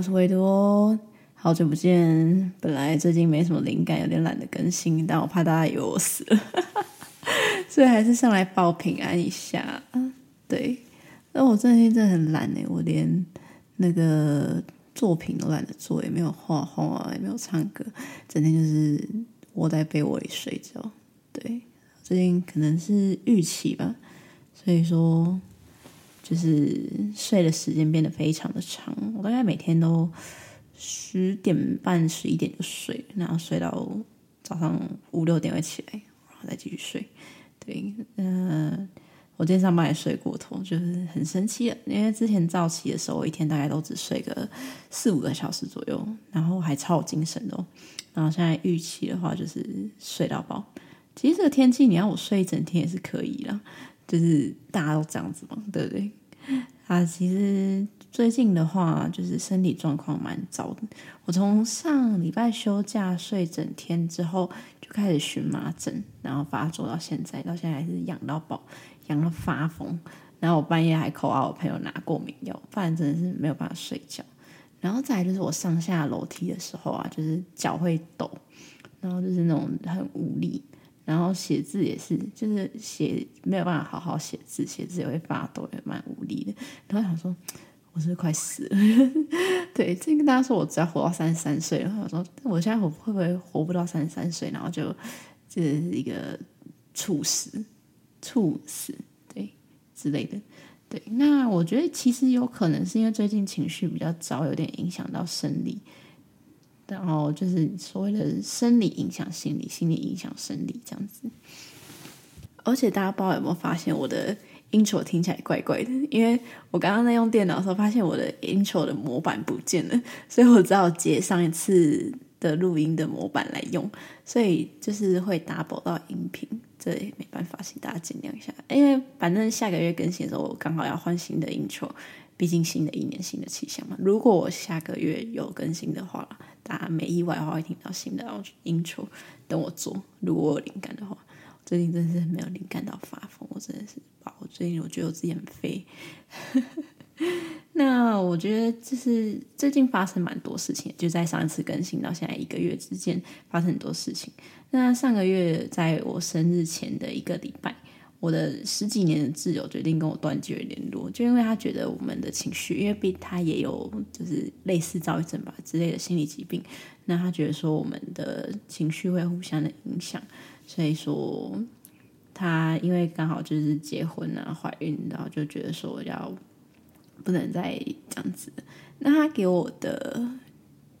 我是維多，好久不見。本來最近沒什麼靈感，有點懶得更新，但我怕大家以為我死了， 所以還是上來報平安一下。對，那我最近真的很懶哎，我連那個作品都懶得做，也沒有畫畫，也沒有唱歌，整天就是窩在被窩裡睡覺。對，最近可能是預期吧，所以說。就是睡的時間變得非常的長，我大概每天都十點半、十一點就睡，然後睡到早上五六點會起來，然後再繼續睡。對，嗯、呃，我今天上班也睡過頭，就是很生氣了，因為之前早起的時候，我一天大概都只睡個四五個小時左右，然後還超有精神的、哦。然後現在預期的話，就是睡到飽。其實這個天氣，你要我睡一整天也是可以了，就是大家都這樣子嘛，對不對？啊，其實最近的話，就是身體狀況蠻糟的。我從上禮拜休假睡整天之後，就開始蕁麻疹，然後發作到現在，到現在還是癢到爆，癢到發瘋。然後我半夜還 call、啊、我朋友拿過敏藥，不然真的是沒有辦法睡覺。然後再來就是我上下樓梯的時候啊，就是腳會抖，然後就是那種很無力。然後寫字也是，就是寫沒有辦法好好寫字，寫字也會發抖，也蠻無力的。然後想說，我是不是快死了？ 對，就跟大家說我只要活到三十三歲，然後想說，但我現在會不會活不到三十三歲？然後就就是一個猝死、猝死對之類的。對，那我覺得其實有可能是因為最近情緒比較糟，有點影響到生理。然後就是所謂的生理影響心理，心理影響生理這樣子。而且大家不知道有沒有發現我的 intro 聽起來怪怪的，因為我剛剛在用電腦的時候發現我的 intro 的模板不見了，所以我只好接上一次的錄音的模板來用，所以就是會 double 到音頻，這也沒辦法，請大家見諒一下。因為反正下個月更新的時候，我剛好要換新的 intro，畢竟新的一年新的氣象嘛。如果我下個月有更新的話，大家沒意外的話，會聽到新的。然後等我做。如果我有靈感的話，我最近真的是沒有靈感到發瘋。我真的是，我最近我覺得我自己很廢。 那我覺得就是最近發生蠻多事情，就在上一次更新到現在一個月之間發生很多事情。那上個月在我生日前的一個禮拜，我的十幾年的摯友決定跟我斷絕聯絡，就因為他覺得我們的情緒，因為被他也有就是類似躁鬱症吧之類的心理疾病，那他覺得說我們的情緒會互相的影響，所以說他因為剛好就是結婚啊、懷孕，然後就覺得說我要不能再這樣子。那他給我的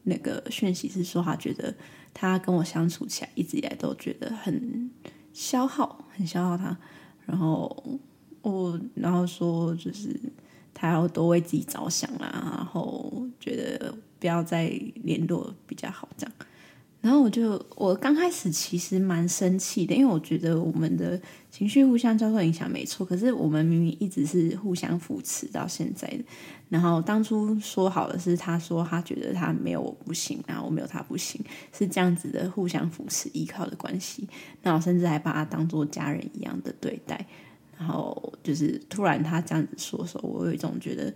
那個訊息是說，他覺得他跟我相處起來一直以來都覺得很消耗，很消耗他。然後我，然後說就是他要多為自己着想啦、啊，然後覺得不要再聯絡比較好，這樣。然後我就我剛開始其實蠻生氣的，因為我覺得我們的情緒互相交錯影響沒錯，可是我們明明一直是互相扶持到現在的。然後當初說好的是，他說他覺得他沒有我不行，然後我沒有他不行，是這樣子的互相扶持依靠的關係。那我甚至還把他當做家人一樣的對待。然後就是突然他這樣子說的時候，我有一種覺得。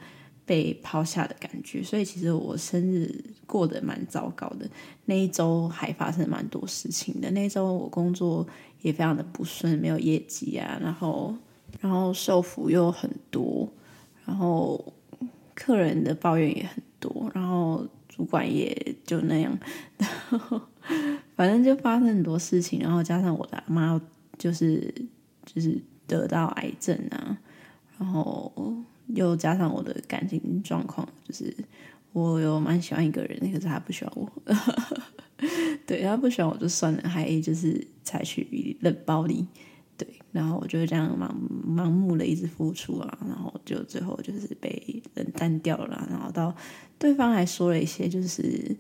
被拋下的感覺，所以其實我生日過得蠻糟糕的。那一周還發生蠻多事情的，那一周我工作也非常的不順，沒有業績啊，然後然後受苦又很多，然後客人的抱怨也很多，然後主管也就那樣，然後反正就發生很多事情，然後加上我的阿媽就是就是得到癌症啊，然後。又加上我的感情狀況，就是我有蠻喜歡一個人，可是他不喜歡我， 對，他不喜歡我就算了，還就是採取冷暴力，對，然後我就這樣盲盲目的一直付出啊，然後就最後就是被冷淡掉了啊，然後到對方還說了一些就是。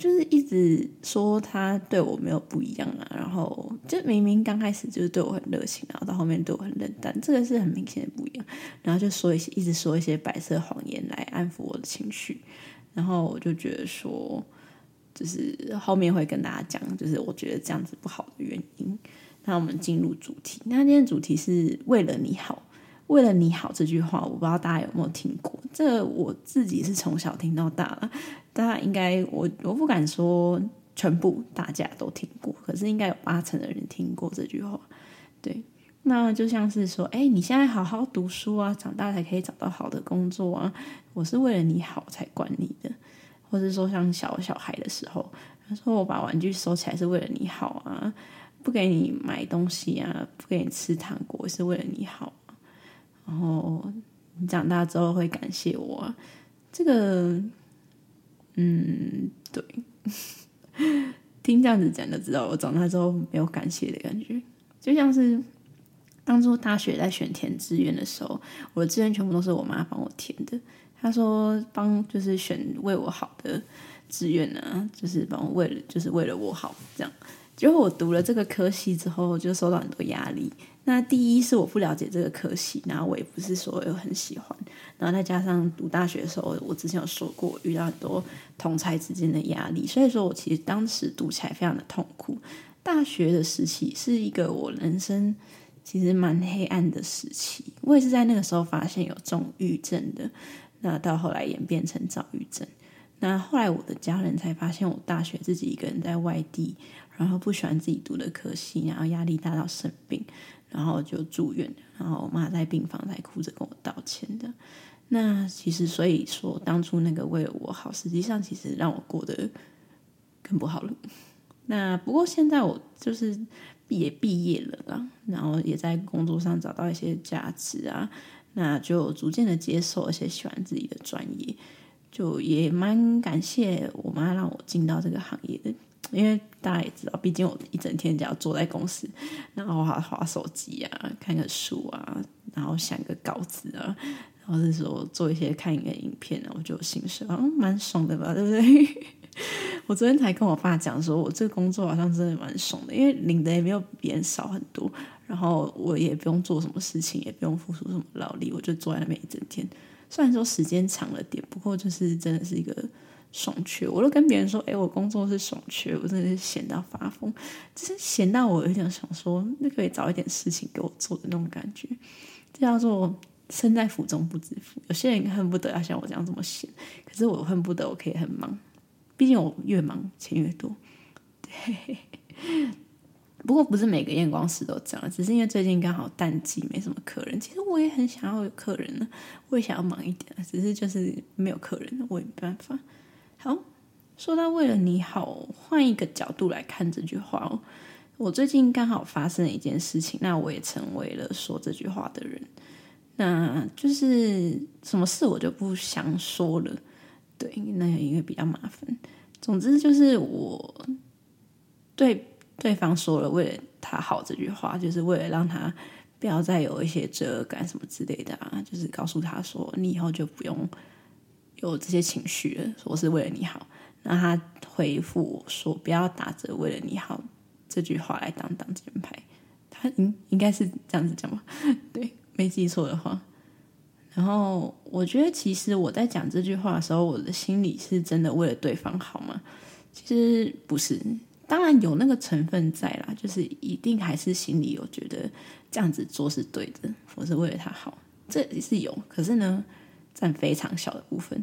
就是一直說他對我沒有不一樣啊，然後就明明剛開始就是對我很熱情，然後到後面對我很冷淡，這個是很明顯的不一樣。然後就說一些一直說一些白色謊言來安撫我的情緒，然後我就覺得說，就是後面會跟大家講，就是我覺得這樣子不好的原因。那我們進入主題，那今天主題是為了你好，為了你好這句話，我不知道大家有沒有聽過，這個我自己是從小聽到大了。大家應該，我我不敢說全部大家都聽過，可是應該有八成的人聽過這句話。對，那就像是說，哎、欸，你現在好好讀書啊，長大才可以找到好的工作啊。我是為了你好才管你的，或是說像小小孩的時候，他說我把玩具收起來是為了你好啊，不給你買東西啊，不給你吃糖果是為了你好啊。然後你長大之後會感謝我啊，這個。嗯，對，聽這樣子講就知道，我長大之後沒有感謝的感覺，就像是當初大學在選填志願的時候，我的志願全部都是我媽幫我填的。她說幫，就是選為我好的志願啊，就是幫我為了，就是為了我好，這樣。因果我讀了這個科系之後，就受到很多壓力。那第一是我不了解這個科系，然後我也不是說我很喜歡，然後再加上讀大學的時候，我之前有說過遇到很多同儕之間的壓力，所以說我其實當時讀起來非常的痛苦。大學的時期是一個我人生其實蠻黑暗的時期，我也是在那個時候發現有重鬱症的，那到後來演變成躁鬱症。那後來我的家人才發現，我大學自己一個人在外地。然後不喜歡自己讀的科系，然後壓力大到生病，然後就住院，然後我媽在病房才哭着跟我道歉的。那其實所以說，當初那個為了我好，實際上其實讓我過得更不好了。那不過現在我就是畢也畢業了啦，然後也在工作上找到一些價值啊，那就逐漸的接受一些喜歡自己的專業，就也蠻感謝我媽讓我進到這個行業的。因為大家也知道，畢竟我一整天只要坐在公司，然後我好滑手機啊，看個書啊，然後想個稿子啊，然後是說做一些看一個影片啊，我就心說，嗯，蠻爽的吧，對不對？ 我昨天才跟我爸講說，說我這個工作好像真的蠻爽的，因為領的也沒有別人少很多，然後我也不用做什麼事情，也不用付出什麼勞力，我就坐在那邊一整天。雖然說時間長了點，不過就是真的是一個。爽缺，我都跟別人說，哎、欸，我工作是爽缺，我真的是閒到發瘋，只是閒到我有點想說，那可以找一點事情給我做的那種感覺。這叫做身在福中不知福。有些人恨不得要像我這樣這麼閒，可是我恨不得我可以很忙，畢竟我越忙錢越多。嘿嘿嘿。不過不是每個驗光師都這樣，只是因為最近剛好淡季，沒什麼客人。其實我也很想要有客人呢，我也想要忙一點，只是就是沒有客人，我也沒辦法。好，說到為了你好，換一個角度來看這句話哦。我最近剛好發生了一件事情，那我也成為了說這句話的人。那就是什麼事我就不想說了，對，那也因為比較麻煩。總之就是我對對方說了為了他好這句話，就是為了讓他不要再有一些罪惡感什麼之類的啊，就是告訴他說你以後就不用。有這些情緒，說是為了你好，那他回復我說，不要打着為了你好這句話來當擋箭牌，他應應該是這樣子講吧？對，沒記錯的話。然後我覺得，其實我在講這句話的時候，我的心裡是真的為了對方好嗎？其實不是，當然有那個成分在啦，就是一定還是心裡有覺得這樣子做是對的，我是為了他好，這也是有。可是呢，佔非常小的部分。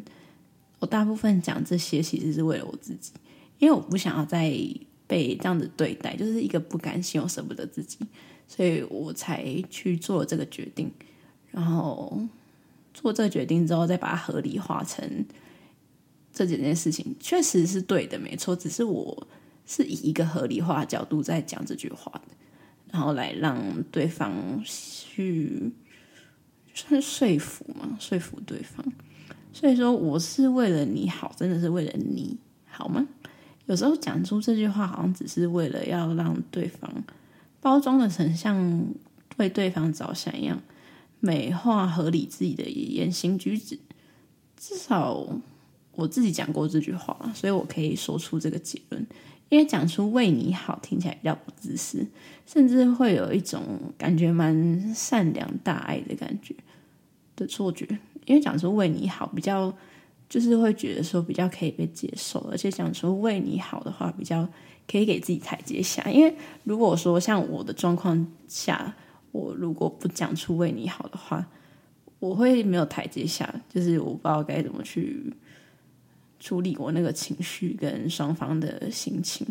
我大部分講這些，其實是為了我自己，因為我不想要再被這樣子對待，就是一個不甘心，我捨不得自己，所以我才去做了這個決定。然後做這個決定之後，再把它合理化成這幾件事情，確實是對的，沒錯。只是我是以一個合理化角度在講這句話的，然後來讓對方去。算說服嘛，說服對方，所以說我是為了你好，真的是為了你好嗎？有時候講出這句話，好像只是為了要讓對方包裝的成像為對，對方着想一樣，美化合理自己的言行舉止。至少我自己講過這句話，所以我可以說出這個結論。因為講出為你好聽起來比較不自私，甚至會有一種感覺蠻善良、大愛的感覺的錯覺。因為講出為你好比較，就是會覺得說比較可以被接受，而且講出為你好的話比較可以給自己台階下。因為如果說像我的狀況下，我如果不講出為你好的話，我會沒有台階下，就是我不知道該怎麼去。處理我那個情緒跟雙方的心情，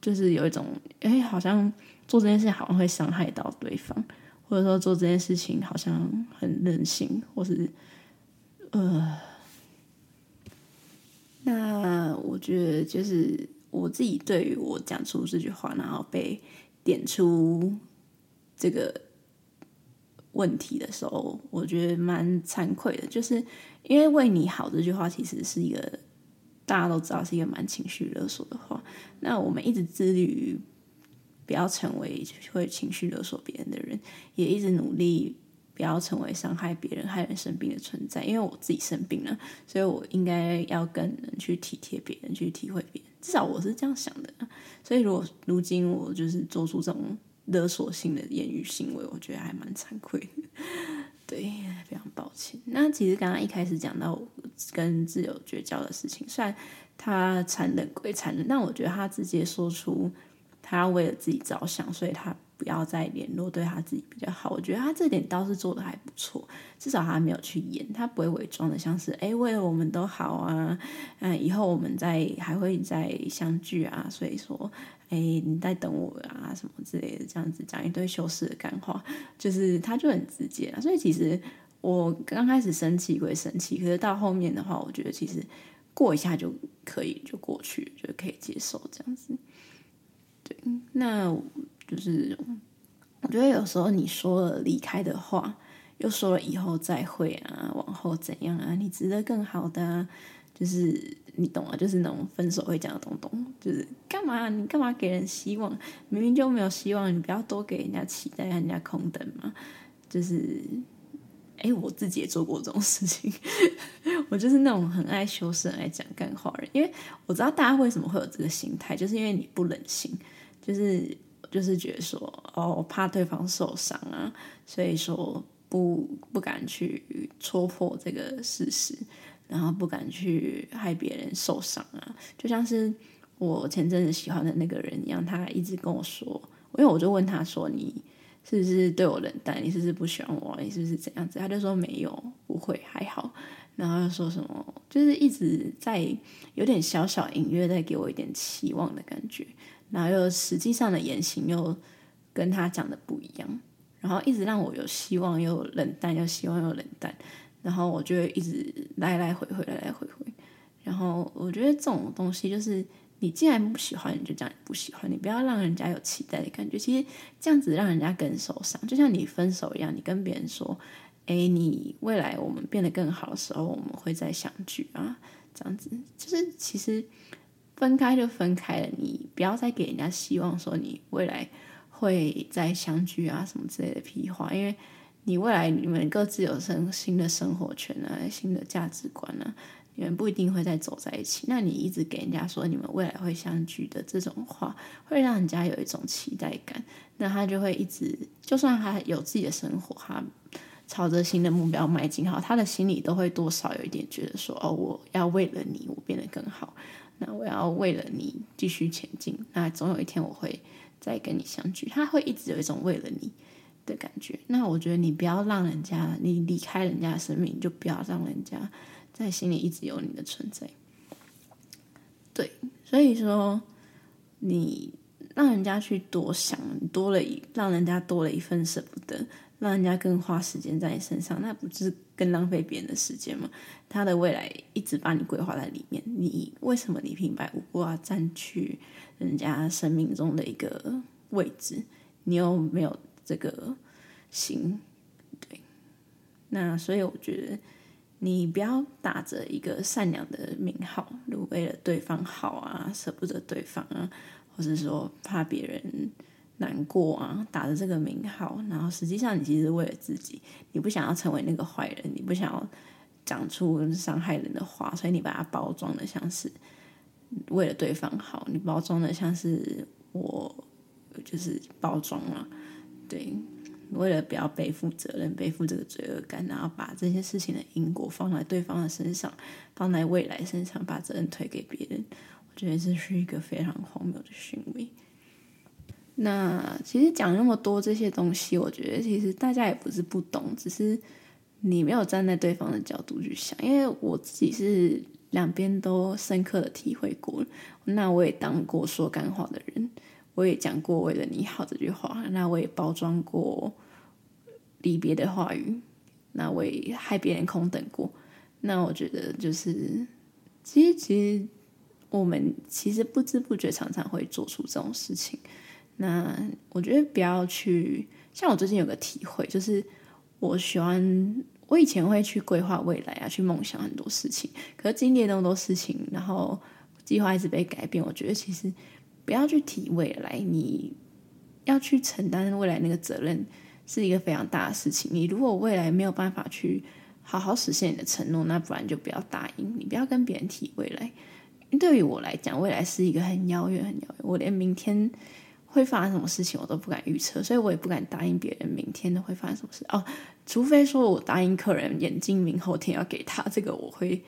就是有一種，哎、欸，好像做這件事好像會傷害到對方，或者說做這件事情好像很任性，或是，呃，那我覺得就是我自己對於我講出這句話，然後被點出這個問題的時候，我覺得蠻慚愧的，就是。因為為你好這句話，其實是一個大家都知道是一個蠻情緒勒索的話。那我們一直致力於不要成為會情緒勒索別人的人，也一直努力不要成為傷害別人、害人生病的存在。因為我自己生病了，所以我應該要跟人去體貼別人，去體會別人。至少我是這樣想的。所以，如果如今我就是做出這種勒索性的言語行為，我覺得還蠻慚愧。對，非常抱歉。那其實剛剛一開始講到我跟摯友絕交的事情，雖然他殘忍歸殘忍，但我覺得他直接說出他為了自己着想，所以他，不要再聯絡，對他自己比較好。我覺得他這點倒是做得還不錯，至少他沒有去演，他不會偽裝的，像是哎、欸、為了我們都好啊，嗯以後我們再還會再相聚啊，所以說哎、欸、你在等我啊什麼之類的，這樣子講一堆修飾的幹話，就是他就很直接。所以其實我剛開始生氣歸生氣，可是到後面的話，我覺得其實過一下就可以就過去，就可以接受這樣子。對，那。就是我覺得有時候你說了離開的話，又說了以後再會啊，往後怎樣啊，你值得更好的，啊，就是你懂啊，就是那種分手會講的東東，就是幹嘛？你幹嘛給人希望？明明就沒有希望，你不要多給人家期待，讓人家空等嘛。就是哎，我自己也做過這種事情， 我就是那種很愛修飾，很愛愛講幹話的人，因為我知道大家為什麼會有這個心態，就是因為你不忍心，就是。就是覺得說，哦，怕對方受傷啊，所以說不不敢去戳破這個事實，然後不敢去害別人受傷啊。就像是我前陣子喜歡的那個人一樣，他一直跟我說，因為我就問他說，你是不是對我冷淡？你是不是不喜歡我？你是不是怎樣子？他就說沒有，不會，還好。然後又說什麼，就是一直在有點小小隱約在給我一點期望的感覺。然後又實際上的言行又跟他講的不一樣，然後一直讓我有希望又冷淡，又希望又冷淡，然後我就一直來來回回來來回回。然後我覺得這種東西就是，你既然不喜歡，你就講不喜歡，你不要讓人家有期待的感覺。其實這樣子讓人家更受傷，就像你分手一樣，你跟別人說，哎，你未來我們變得更好的時候，我們會再相聚啊，這樣子就是其實。分開就分開了，你不要再給人家希望，說你未來會再相聚啊什麼之類的屁話。因為你未來你們各自有生新的生活圈啊，新的價值觀啊，你們不一定會再走在一起。那你一直給人家說你們未來會相聚的這種話，會讓人家有一種期待感。那他就會一直，就算他有自己的生活，他朝着新的目標邁進，好，他的心裡都會多少有一點覺得說，哦，我要為了你，我變得更好。那我要為了你繼續前進，那總有一天我會再跟你相聚。他會一直有一種為了你的感覺。那我覺得你不要讓人家你離開人家的生命，就不要讓人家在心裡一直有你的存在。對，所以說你讓人家去多想，多了一，讓人家多了一份舍不得。讓人家更花時間在你身上，那不就是更浪費別人的時間嗎？他的未來一直把你規劃在裡面，你為什麼你平白無故啊占去人家生命中的一個位置？你又沒有這個心，對？那所以我覺得你不要打着一個善良的名號，如為了對方好啊，捨不得對方啊，或是說怕別人。難過啊，打着這個名號，然後實際上你其實為了自己，你不想要成為那個壞人，你不想要講出傷害人的話，所以你把它包裝的像是為了對方好，你包裝的像是我，就是包裝啊，對，為了不要背負責任，背負這個罪惡感，然後把這些事情的因果放在對方的身上，放在未來身上，把責任推給別人，我覺得這是一個非常荒謬的行為。那其實講那麼多這些東西，我覺得其實大家也不是不懂，只是你沒有站在對方的角度去想。因為我自己是兩邊都深刻的體會過，那我也當過說幹話的人，我也講過為了你好這句話，那我也包裝過離別的話語，那我也害別人空等過。那我覺得就是，其實其實我們其實不知不覺常常會做出這種事情。那我覺得不要去，像我最近有個體會，就是我喜歡我以前會去規劃未來啊，去夢想很多事情。可是經歷那麼多事情，然後計劃一直被改變，我覺得其實不要去提未來。你要去承擔未來那個責任是一個非常大的事情。你如果未來沒有辦法去好好實現你的承諾，那不然就不要答應。你不要跟別人提未來。對於我來講，未來是一個很遙遠、很遙遠。我連明天。會發生什麼事情，我都不敢預測，所以我也不敢答應別人明天都會發生什麼事哦。除非說我答應客人眼鏡明後天要給他，這個我會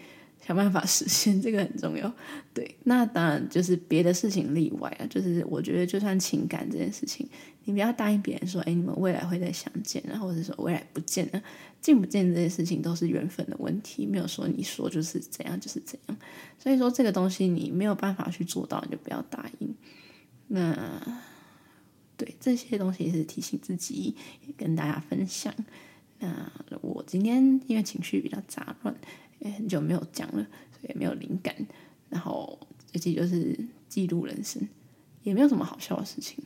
想辦法實現，這個很重要。對，那當然就是別的事情例外啊。就是我覺得，就算情感這件事情，你不要答應別人說，哎，你們未來會再相見，然後或者說未來不見了，見不見這件事情都是緣分的問題，沒有說你說就是怎樣就是怎樣。所以說這個東西你沒有辦法去做到，你就不要答應。那。對，這些東西也是提醒自己，也跟大家分享。那我今天因為情緒比較雜亂，也很久沒有講了，所以也沒有靈感。然後最近就是記錄人生，也沒有什麼好笑的事情，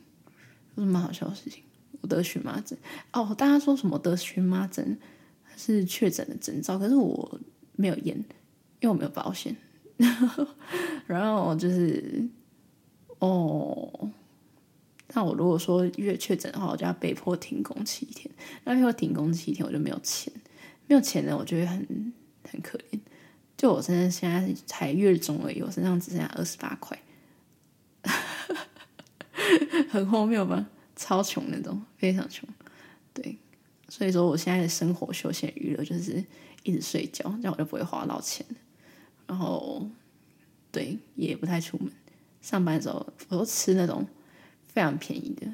有什麼好笑的事情？我得蕁麻疹哦，大家說什麼得蕁麻疹是確診的徵兆，可是我沒有驗，因為我沒有保險。 然後就是哦。那我如果說月確診的話，我就要被迫停工七天。那如果停工七天，我就沒有錢，沒有錢呢，我覺得很很可憐。就我現在現在才月中而已，我身上只剩下二十八塊， 很荒謬吧，超窮那種，非常窮。對，所以說我現在的生活休閒娛樂就是一直睡覺，這樣我就不會花到錢。然後，對，也不太出門。上班的時候，我都吃那種。非常便宜的，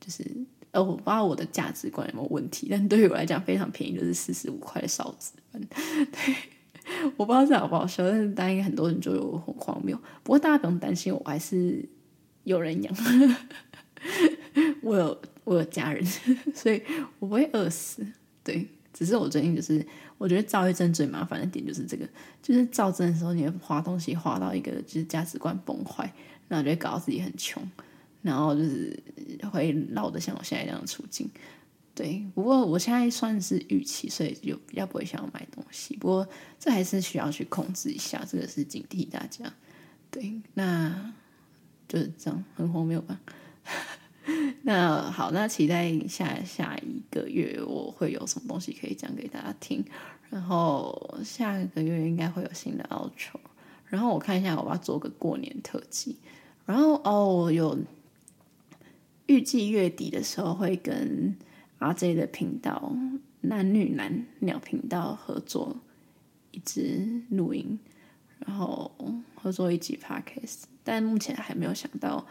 就是呃，我不知道我的價值觀有沒有問題，但對於我來講，非常便宜就是四十五塊的勺子。對，我不知道這好不好笑，但是答應很多人就有很荒謬。不過大家不用擔心，我還是有人養， 我有我有家人，所以我不會餓死。對，只是我最近就是，我覺得造一陣最麻煩的點就是這個，就是造陣的時候你會花東西，花到一個就是價值觀崩壞，然後就會搞到自己很窮。然後就是會鬧得像我現在這樣的處境，對。不過我現在算是逾期，所以就比較不會想要買東西。不過這還是需要去控制一下，這個是警惕大家。對，那就是這樣，很慌，沒有辦法。那好，那期待下下一個月我會有什麼東西可以講給大家聽。然後下個月應該會有新的 outro。然後我看一下，我要做個過年特輯。然後哦，我有。預計月底的時候會跟阿 J 的頻道男女男兩頻道合作一支錄音，然後合作一集 podcast，但目前還沒有想到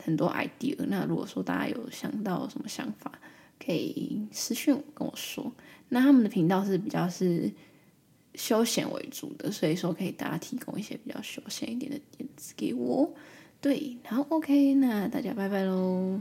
很多 idea。那如果說大家有想到什麼想法，可以私訊跟我說。那他們的頻道是比較是休閒為主的，所以說可以大家提供一些比較休閒一點的點子給我。對，好好 OK，那大家拜拜嘍。